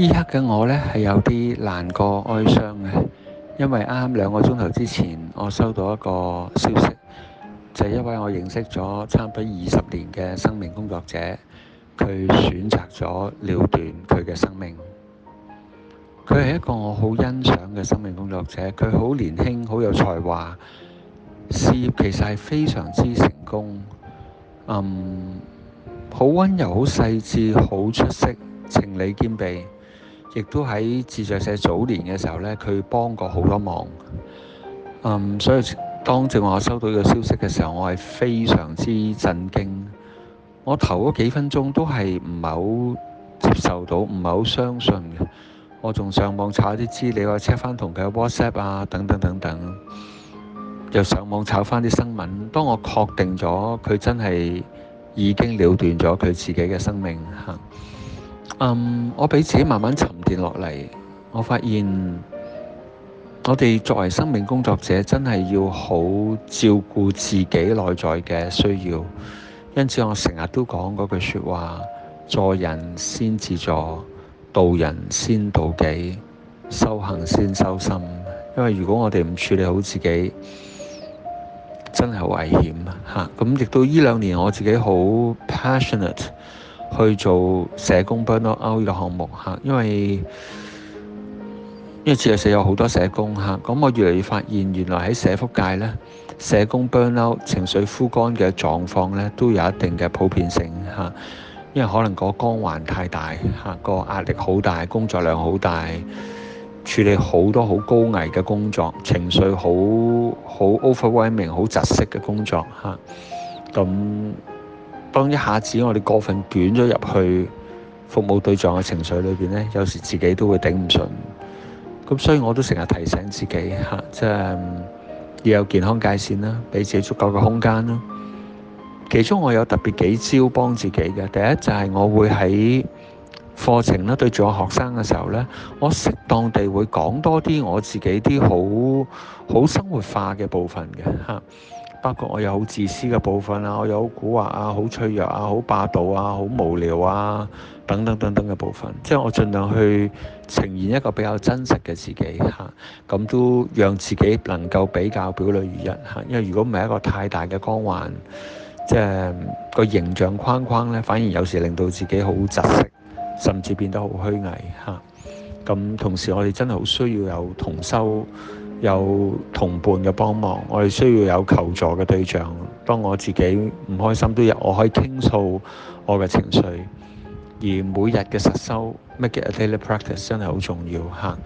依刻嘅我呢，係有啲難過、哀傷嘅，因為啱兩個鐘頭之前，我收到一個消息，就因為我認識咗差唔多二十年嘅生命工作者，佢選擇咗了斷佢嘅生命。佢係一個我好欣賞嘅生命工作者，佢好年輕、好有才華，事業其實係非常之成功。嗯，好温柔、好細緻、好出色，情理兼備。亦都喺自在社早年嘅時候呢，佢幫過好多忙。嗯，所以當正我收到呢個消息嘅時候，我係非常之震驚。我頭嗰幾分鐘都係唔係好接受到，唔係好相信嘅。我仲上網查啲資料，check 翻同佢嘅 WhatsApp 啊，等等，等等等等。又上網查翻啲新聞。當我確定咗佢真係已經了斷咗佢自己嘅生命嚇。嗯，um, 我俾自己慢慢沉澱落嚟，我發現我哋作為生命工作者，真係要好照顧自己內在嘅需要。因此我成日都講嗰句說話：助人先自助，渡人先渡己，修行先修心。因為如果我哋唔處理好自己，真係好危險吓，咁、啊、亦到呢兩年我自己好 passionate。去做社工 b 嘅項目嚇，因為因為社幼社有好多社工嚇，咁我越嚟越發現原來喺社福界呢，社工 b 情緒枯乾嘅狀況呢，都有一定嘅普遍性嚇，因為可能個光環太大嚇，個壓力好大，工作量好大，處理好多好高危嘅工作，情緒好好 overwhelming 好窒息嘅工作嚇，咁。當一下子我哋過分捲咗入去服務對象嘅情緒裏邊呢，有時自己都會頂唔順。咁所以我都成日提醒自己嚇，即係要有健康界線啦，俾自己足夠嘅空間啦。其中我有特別幾招幫自己嘅，第一就係我會喺課程咧對住我學生嘅時候呢，我適當地會講多啲我自己啲好好生活化嘅部分嘅嚇。包括我有好自私嘅部分啊，我有好蠱惑啊，好脆弱啊，好霸道啊，好無聊啊，等等等等嘅部分，即係我盡量去呈現一個比較真實嘅自己吓，咁、啊、都讓自己能夠比較表裏如一吓、啊，因為如果唔係一個太大嘅光環，即、就、係、是、個形象框框咧，反而有時令到自己好窒息，甚至變得好虛偽吓，咁、啊、同時我哋真係好需要有同修。有同伴嘅幫忙，我哋需要有求助嘅對象，當我自己唔開心都有，我可以傾訴我嘅情緒。而每日嘅實修 make it a daily practice 真係好重要嚇。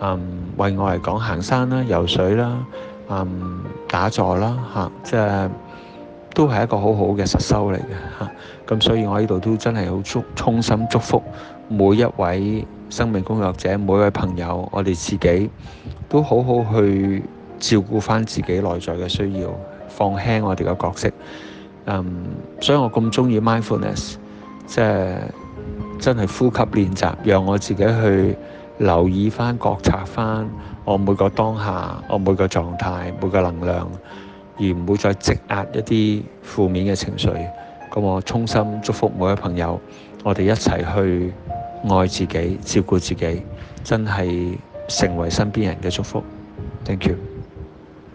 嗯，為我嚟講，行山啦、游水啦、嗯、打坐啦嚇，即係都係一個好好嘅實修嚟嘅嚇。咁所以，我喺度都真係好祝衷心祝福每一位，生命工作者每一位朋友，我哋自己都好好去照顧翻自己內在嘅需要，放輕我哋嘅角色。嗯，um，所以我咁中意 mindfulness，即係真係呼吸練習，讓我自己去留意翻、覺察翻我每個當下、我每個狀態，每個能量，而唔會再積壓一啲負面嘅情緒，咁我衷心祝福每一位朋友，我哋一齊去。愛自己，照顧自己，真係成為身邊人嘅祝福。Thank you。